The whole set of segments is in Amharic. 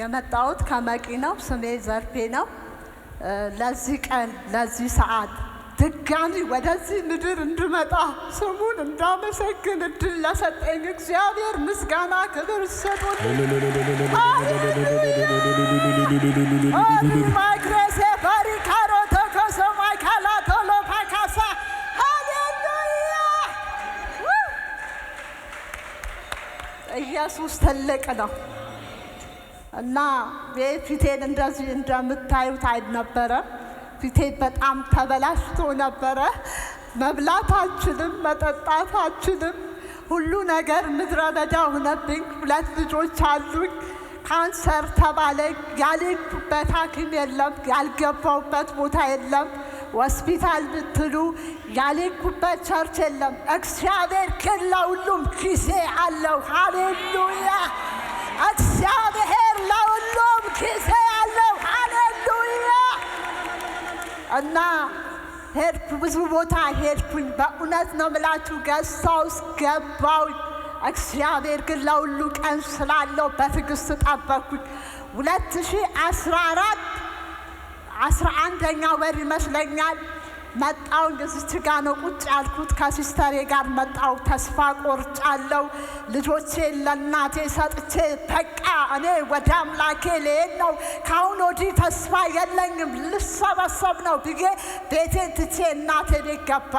የመጣሁት ከመቂ ነው። ስሜ ዘርፌ ነው። ለዚህ ቀን ለዚህ ሰዓት ድጋሚ ወደዚህ ምድር እንድመጣ ስሙን እንዳመሰግን እድል ለሰጠኝ እግዚአብሔር ምስጋና ክብር ይሰጡልኝ። ማይክረሴ ኢየሱስ ትልቅ ነው። እና ፊቴን እንደዚህ እንደምታዩት አይነበረ ፊቴ በጣም ተበላሽቶ ነበረ። መብላታችንም መጠጣታችንም ሁሉ ነገር ምድረ በዳ ሆነብኝ። ሁለት ልጆች አሉኝ። ካንሰር ተባለ። ያልሄድኩበት ሐኪም የለም፣ ያልገባውበት ቦታ የለም። ሆስፒታል ብትሉ ያልሄድኩበት ቸርች የለም። እግዚአብሔር ግን ለሁሉም ጊዜ አለው። ሃሌሉያ እግዚአብሔር እና ሄድኩ። ብዙ ቦታ ሄድኩኝ። በእውነት ነው ምላችሁ ገሳውስ ገባው። እግዚአብሔር ግን ለሁሉ ቀን ስላለው በትዕግስት ጠበኩኝ። ሁለት ሺህ አስራ አራት አስራ አንደኛ ወር ይመስለኛል መጣው እዚች ጋ ነው ቁጭ ያልኩት ከሲስተሬ ጋር መጣው። ተስፋ ቆርጫለው። ልጆቼ ለእናቴ ሰጥቼ በቃ እኔ ወደ አምላኬ ልሄድ ነው። ከአሁን ወዲህ ተስፋ የለኝም ልሰበሰብ ነው ብዬ ቤቴን ትቼ እናቴ ቤት ገባ።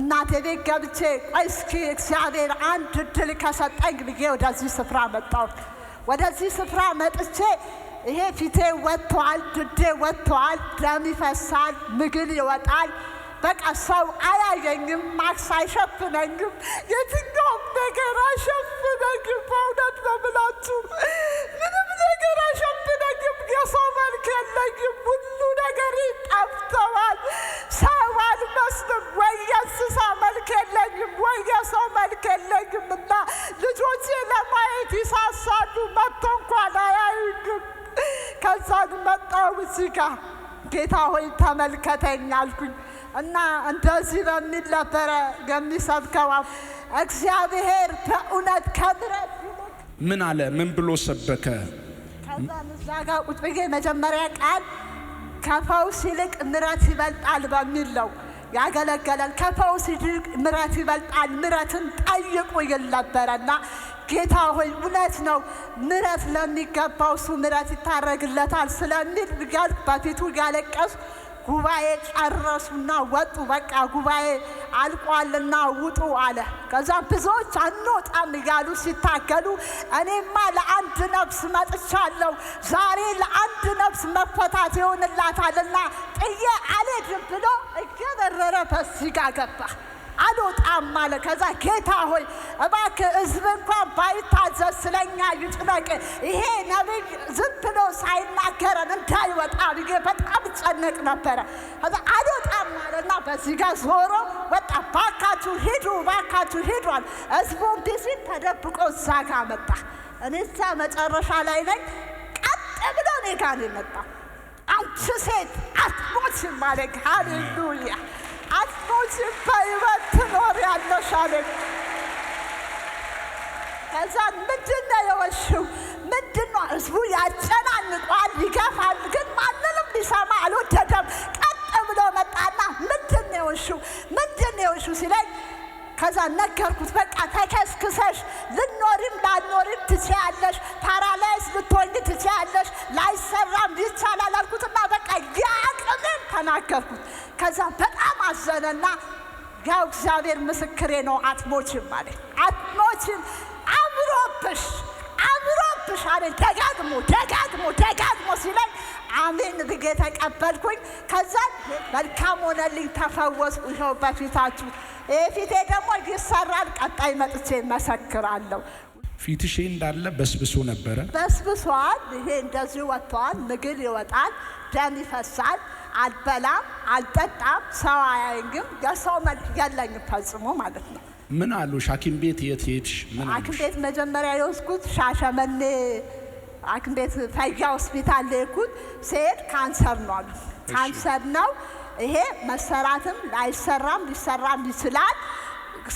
እናቴ ቤት ገብቼ እስኪ እግዚአብሔር አንድ እድል ከሰጠኝ ብዬ ወደዚህ ስፍራ መጣው። ወደዚህ ስፍራ መጥቼ ይሄ ፊቴ ወጥቷል፣ ድዴ ወጥቷል፣ ደም ይፈሳል፣ ምግል ይወጣል። በቃ ሰው አያየኝም፣ ማክስ አይሸፍነኝም፣ የትኛውም ነገር አይሸፍነኝም። በእውነት በምላችሁ ምንም ነገር አይሸፍነኝም። የሰው መልክ የለኝም፣ ሁሉ ነገር ይጠፍተዋል። ሰው አልመስልም፣ ወይ የእንስሳ መልክ የለኝም፣ ወይ የሰው መልክ የለኝም እና እዚህ ጌታ ሆይ ተመልከተኝ አልኩኝ እና እንደዚህ በሚል ነበረ የሚሰብከው። እግዚአብሔር በእውነት ከብረት ምን አለ? ምን ብሎ ሰበከ? ከዛ እዛ ጋር ቁጭ ብዬ መጀመሪያ ቃል ከፈውስ ይልቅ ምረት ይበልጣል በሚል ነው ያገለገለን ከፈውስ ይልቅ ምረት ይበልጣል። ምረትን ጠይቁ ይል ነበረና ጌታ ሆይ እውነት ነው፣ ምረት ለሚገባው እሱ ምረት ይታረግለታል ስለሚል በፊቱ ያለቀሱ ጉባኤ ጨረሱና ወጡ። በቃ ጉባኤ አልቋልና ውጡ አለ። ከዛ ብዙዎች አንወጣም እያሉ ሲታገሉ እኔማ ለአንድ ነፍስ መጥቻለሁ፣ ዛሬ ለአንድ ነፍስ መፈታት ይሆንላታልና ጥዬ አልሄድም ብሎ እየበረረ ፈሲጋ ገባ። አልወጣም አለ። ከዛ ጌታ ሆይ እባክ ህዝብ እንኳን ባይታዘዝ ስለኛ ይጭነቅ፣ ይሄ ነቢይ ዝም ብሎ ሳይናገረን እንዳይወጣ ብዬ ይጨነቅ ነበረ። ከዛ አልወጣም አለና በዚህ ጋር ዞሮ ወጣ። ባካችሁ ሂዱ፣ ባካችሁ ሂዱ አለ። ህዝቡ እምቢ ተደብቆ እዛ ጋር መጣ። እኔ እዛ መጨረሻ ላይ ነኝ። ቀጥ ብሎ እኔ ጋር ነው የመጣው። አንቺ ሴት አትሞችም አለኝ። ሃሌሉያ አትሞችም፣ በሕይወት ትኖሪያለሽ አለኝ። ከዛ ምንድን ነው የወሽው? ምንድን ነው ህዝቡ ያጨናንቋል፣ ይገፋል ግን ሊሰማ አልወደደም። ቀጥ ብሎ መጣና ምንድን ነው እሹ ምንድን ነው እሹ ሲለኝ ከዛ ነገርኩት። በቃ ተከስክሰሽ ልኖሪም ላኖሪም ትችያለሽ፣ ፓራላይዝ ልትሆኝ ትችያለሽ፣ ላይሰራም ይቻላል አልኩትና በቃ ያቅምን ተናገርኩት። ከዛ በጣም አዘነና ያው እግዚአብሔር ምስክሬ ነው አትሞችም አለኝ። አትሞችም አምሮብሽ አምሮብሽ አለ ደጋግሞ ደጋግሞ ደጋግሞ ሲለኝ አሜን ብዬ ተቀበልኩኝ። ከዛ መልካም ሆነልኝ፣ ተፈወስኩ። ይኸውበት ፊታችሁ ፊቴ ደግሞ ይሰራል። ቀጣይ መጥቼ መሰክራለሁ። ፊትሽ እንዳለ በስብሶ ነበረ፣ በስብሷል። ይሄ እንደዚህ ወጥተዋል። ምግል ይወጣል፣ ደም ይፈሳል። አልበላም፣ አልጠጣም፣ ሰው አያይግም። የሰው መልክ የለኝም ፈጽሞ ማለት ነው። ምን አሉ ሐኪም ቤት የት ሄድሽ? ሐኪም ቤት መጀመሪያ የወስኩት ሻሸመኔ አክም ቤት ፈያ ሆስፒታል ልኩት ስሄድ ካንሰር ነው አሉ። ካንሰር ነው ይሄ መሰራትም ላይሰራም ሊሰራም ይችላል።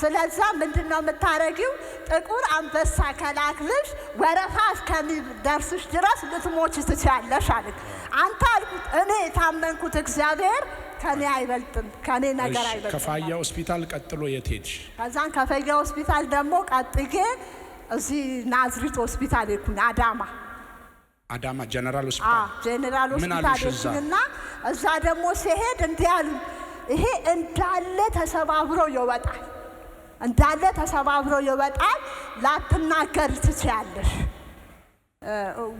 ስለዛ ምንድን ነው የምታረጊው? ጥቁር አንበሳ ከላክልሽ ወረፋ እስከሚደርስሽ ድረስ ልትሞች ትችያለሽ አለች። አንተ አልኩት እኔ የታመንኩት እግዚአብሔር ከኔ አይበልጥም፣ ከኔ ነገር አይበልጥም። ከፋያ ሆስፒታል ቀጥሎ የት ሄድሽ? ከዛን ከፋያ ሆስፒታል ደግሞ ቀጥጌ እዚህ ናዝሪት ሆስፒታል ሄድኩኝ አዳማ አዳማ ጀነራል ሆስፒታል ጀነራል ሆስፒታልና እዛ ደግሞ ሲሄድ እንዲህ አሉ፣ ይሄ እንዳለ ተሰባብሮ ይወጣል፣ እንዳለ ተሰባብሮ ይወጣል። ላትናገር ትችያለሽ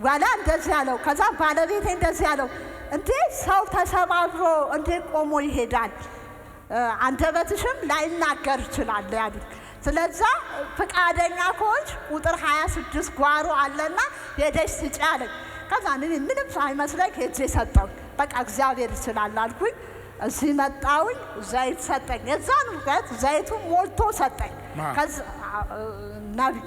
ዋላ እንደዚህ ያለው። ከዛ ባለቤቴ እንደዚህ ያለው፣ እንዴ ሰው ተሰባብሮ እንዴ ቆሞ ይሄዳል? አንደበትሽም ላይናገር ይችላል ያሉት ስለዛ ፈቃደኛ ከሆንሽ ቁጥር 26 ጓሮ አለና ሄደሽ ስጪ አለኝ። ከዛ እኔ ምንም ሳይመስለኝ ሄጄ ሰጠው። በቃ እግዚአብሔር ይችላል አልኩኝ። እዚህ መጣውኝ ዘይት ሰጠኝ። የዛን ውቀት ዘይቱን ሞልቶ ሰጠኝ። ነቢይ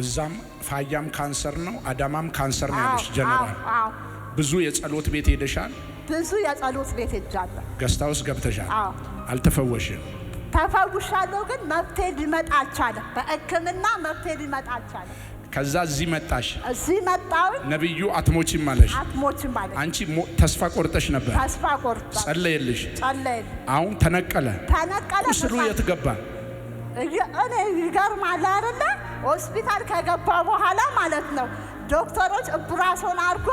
እዛም ፋያም ካንሰር ነው፣ አዳማም ካንሰር ነው ያለች ጀነራል። ብዙ የጸሎት ቤት ሄደሻል። ብዙ የጸሎት ቤት ሄጃለሁ። ገስታውስ ገብተሻል። አልተፈወሽም ተፈውሻለሁ፣ ግን መብቴ ሊመጣ አልቻለም። በሕክምና መብቴ ሊመጣ አልቻለም። ከዛ እዚህ መጣሽ። እዚህ መጣሁኝ። ነብዩ አትሞችም አለሽ። አትሞችም አለሽ። አንቺ ተስፋ ቆርጠሽ ነበር። ተስፋ ቆርጠ ጸለየልሽ። አሁን ተነቀለ። ተነቀለ። ቁስሉ የት ገባ? እኔ ይገርማል አይደለ? ሆስፒታል ከገባ በኋላ ማለት ነው ዶክተሮች እብራሶን አድርጎ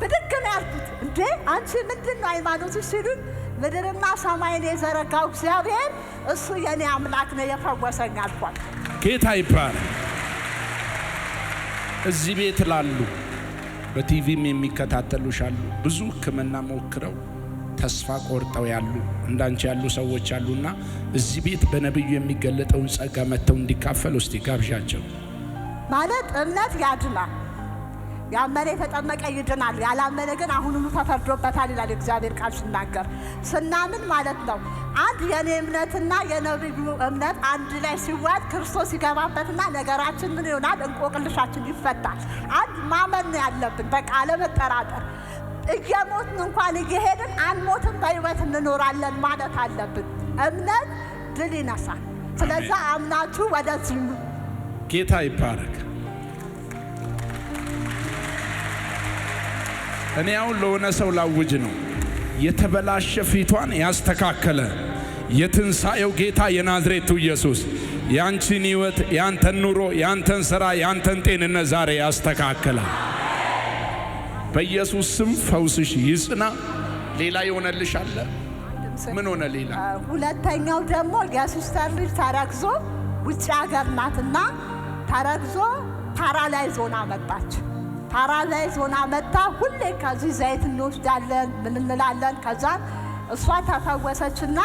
ብድግ ነው ያልኩት። እንዴ አንቺ ምንድን ነው ሃይማኖትሽ ሲሉኝ ምድርና ሰማይን የዘረጋው እግዚአብሔር እሱ የኔ አምላክ ነው የፈወሰኝ አልኳል። ጌታ ይባል። እዚህ ቤት ላሉ በቲቪም የሚከታተሉሽ አሉ። ብዙ ሕክምና ሞክረው ተስፋ ቆርጠው ያሉ እንዳንቺ ያሉ ሰዎች አሉና እዚህ ቤት በነቢዩ የሚገለጠውን ጸጋ መጥተው እንዲካፈል ውስጥ ይጋብዣቸው። ማለት እምነት ያድናል። ያመነ የተጠመቀ ይድናል፣ ያላመነ ግን አሁኑኑ ተፈርዶበታል ይላል እግዚአብሔር ቃል ሲናገር። ስናምን ማለት ነው አንድ የኔ እምነትና የነብዩ እምነት አንድ ላይ ሲዋድ ክርስቶስ ይገባበትና ነገራችን ምን ይሆናል? እንቆቅልሻችን ይፈታል። አንድ ማመን ነው ያለብን፣ በቃ አለመጠራጠር። እየሞትን እንኳን እየሄድን ሞትን በህይወት እንኖራለን ማለት አለብን። እምነት ድል ይነሳል። ስለዛ አምናችሁ ወደዚህ ጌታ ይባረክ። እኔ አሁን ለሆነ ሰው ላውጅ ነው። የተበላሸ ፊቷን ያስተካከለ የትንሣኤው ጌታ የናዝሬቱ ኢየሱስ ያንቺን ሕይወት፣ ያንተን ኑሮ፣ ያንተን ሥራ፣ ያንተን ጤንነት ዛሬ ያስተካከላል። በኢየሱስ ስም ፈውስሽ ይጽና። ሌላ የሆነልሽ አለ? ምን ሆነ ሌላ? ሁለተኛው ደግሞ የሲስተር ልጅ ተረግዞ ውጭ ሀገር ናትና ተረግዞ ፓራላይዝ ሆና መጣች። ፓራላይዝ ሆና መታ ሁሌ ከዚህ ዘይት እንወስዳለን ምን እንላለን። ከዛን እሷ ተፈወሰችና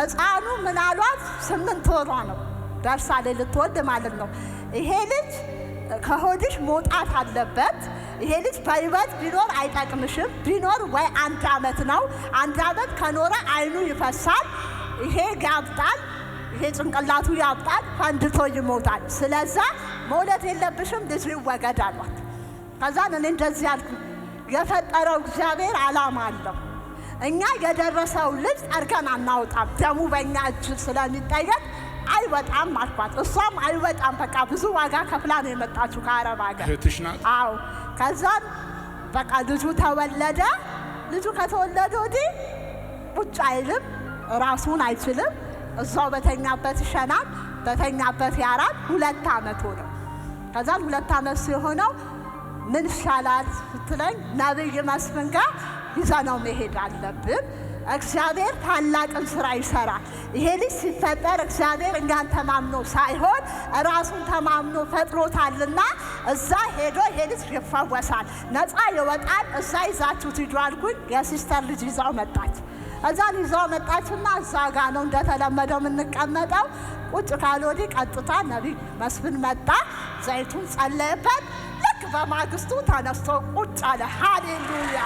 ሕፃኑ ምናሏት ስምንት ወሯ ነው ላይ ልትወልድ ማለት ነው። ይሄ ልጅ ከሆድሽ መውጣት አለበት። ይሄ ልጅ በህይወት ቢኖር አይጠቅምሽም። ቢኖር ወይ አንድ ዓመት ነው። አንድ ዓመት ከኖረ አይኑ ይፈሳል፣ ይሄ ያብጣል፣ ይሄ ጭንቅላቱ ያብጣል፣ ፈንድቶ ይሞታል። ስለዛ መውለድ የለብሽም ልጅ ይወገድ አሏት። ከዛን እኔ እንደዚህ ያልኩ የፈጠረው እግዚአብሔር ዓላማ አለው። እኛ የደረሰው ልብስ አድርገን አናወጣም፣ ደሙ በእኛ እጅ ስለሚጠየቅ አይወጣም አልኳት። እሷም አይወጣም በቃ ብዙ ዋጋ ከፍላ ነው የመጣችሁ ከአረብ ሀገር። እህትሽ ናት? አዎ። ከዛን በቃ ልጁ ተወለደ። ልጁ ከተወለደ ወዲህ ቁጭ አይልም፣ ራሱን አይችልም። እዛው በተኛበት ይሸናል። በተኛበት ያራል። ሁለት አመቱ ነው። ከዛን ሁለት አመት ሲሆነው ምን ሻላት ስትለኝ ነብይ መስፍን ጋር ይዘ ነው መሄድ አለብን። እግዚአብሔር ታላቅን ስራ ይሰራል። ይሄ ልጅ ሲፈጠር እግዚአብሔር እኛን ተማምኖ ሳይሆን ራሱን ተማምኖ ፈጥሮታልና እዛ ሄዶ ይሄ ልጅ ይፈወሳል፣ ነፃ ይወጣል። እዛ ይዛችሁ ሂዱ አልኩኝ። የሲስተር ልጅ ይዛው መጣች። እዛን ይዛው መጣችና እዛ ጋ ነው እንደተለመደው የምንቀመጠው። ቁጭ ካልወዲህ ቀጥታ ነቢይ መስፍን መጣ። ዘይቱን ጸለየበት። በማግስቱ ተነስቶ ቁጭ አለ። ሃሌሉያ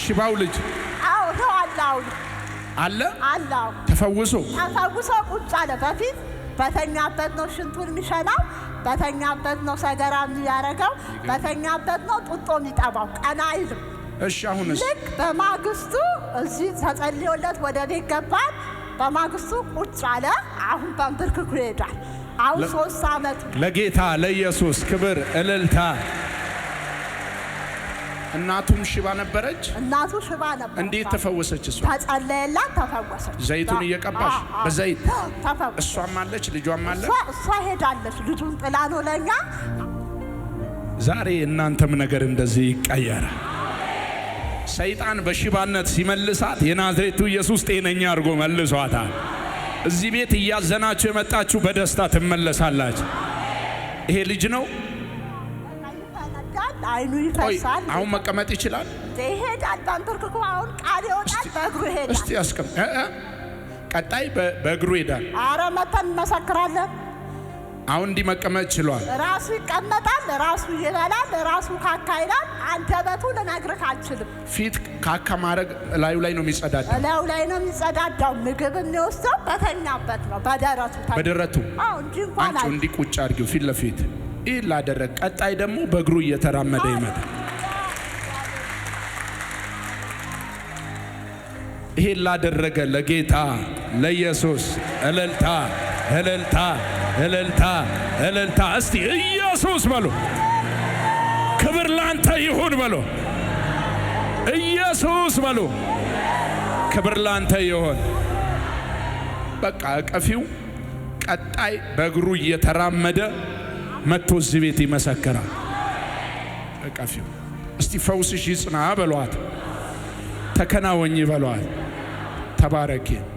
ሽባው ልጅ አዎ፣ ሰው አለ አሁን ተፈውሶ ተፈውሶ ቁጭ አለ። በፊት በተኛበት ነው ሽንቱን የሚሸናው፣ በተኛበት ነው ሰገራ የሚያረገው፣ በተኛበት ነው ጡጦ የሚጠባው። ቀና አይልም። እሺ አሁን ልክ በማግስቱ እዚህ ተጸልዮለት ወደ ቤት ገባል። በማግስቱ ቁጭ አለ። አሁን በንብርክኩ ይሄዳል። አሁን ሶስት ዓመት ለጌታ ለኢየሱስ ክብር እልልታ። እናቱም ሽባ ነበረች። እናቱ ሽባ ነበረች። እንዴት ተፈወሰች? እሷ ተጸለየላት፣ ተፈወሰች። ዘይቱን እየቀባሽ በዘይት ተፈወሰች። እሷም አለች፣ ልጇም አለ። እሷ ሄዳለች፣ ልጁን ጥላ ነው ለኛ። ዛሬ እናንተም ነገር እንደዚህ ይቀየር ሰይጣን በሽባነት ሲመልሳት የናዝሬቱ ኢየሱስ ጤነኛ አድርጎ መልሷታል። እዚህ ቤት እያዘናችሁ የመጣችሁ በደስታ ትመለሳላችሁ። ይሄ ልጅ ነው። አሁን መቀመጥ ይችላል። ይሄዳል። አሁን ቃል ይወጣል። በእግሩ ይሄዳል። እስቲ ቀጣይ በእግሩ ይሄዳል። አረ መተን እንመሰክራለን። አሁን እንዲህ መቀመጥ ችሏል። ራሱ ይቀመጣል፣ ራሱ ይበላል፣ ራሱ ካካ ይላል። በቱ ልነግርህ አልችልም። ፊት ካካ ማድረግ ላዩ ላይ ነው የሚጸዳዳው፣ ላዩ ላይ ነው የሚጸዳዳው። ምግብ የሚወስደው በተኛበት ነው፣ በደረቱ በደረቱ። እንዲህ እንዲህ ቁጭ አድርጊው ፊት ለፊት ይህ ላደረግ። ቀጣይ ደግሞ በእግሩ እየተራመደ ይመጣል። ይሄን ላደረገ ለጌታ ለኢየሱስ እልልታ እልልታ እልልታ እልልታ። እስቲ ኢየሱስ በሉ፣ ክብር ላንተ ይሁን በሉ፣ ኢየሱስ በሉ፣ ክብር ላንተ ይሁን። በቃ ቀፊው ቀጣይ በእግሩ እየተራመደ መጥቶ እዚህ ቤት ይመሰክራል። ቀፊው እስቲ ፈውስሽ ይጽና በሏት፣ ተከናወኝ በሏት፣ ተባረኪ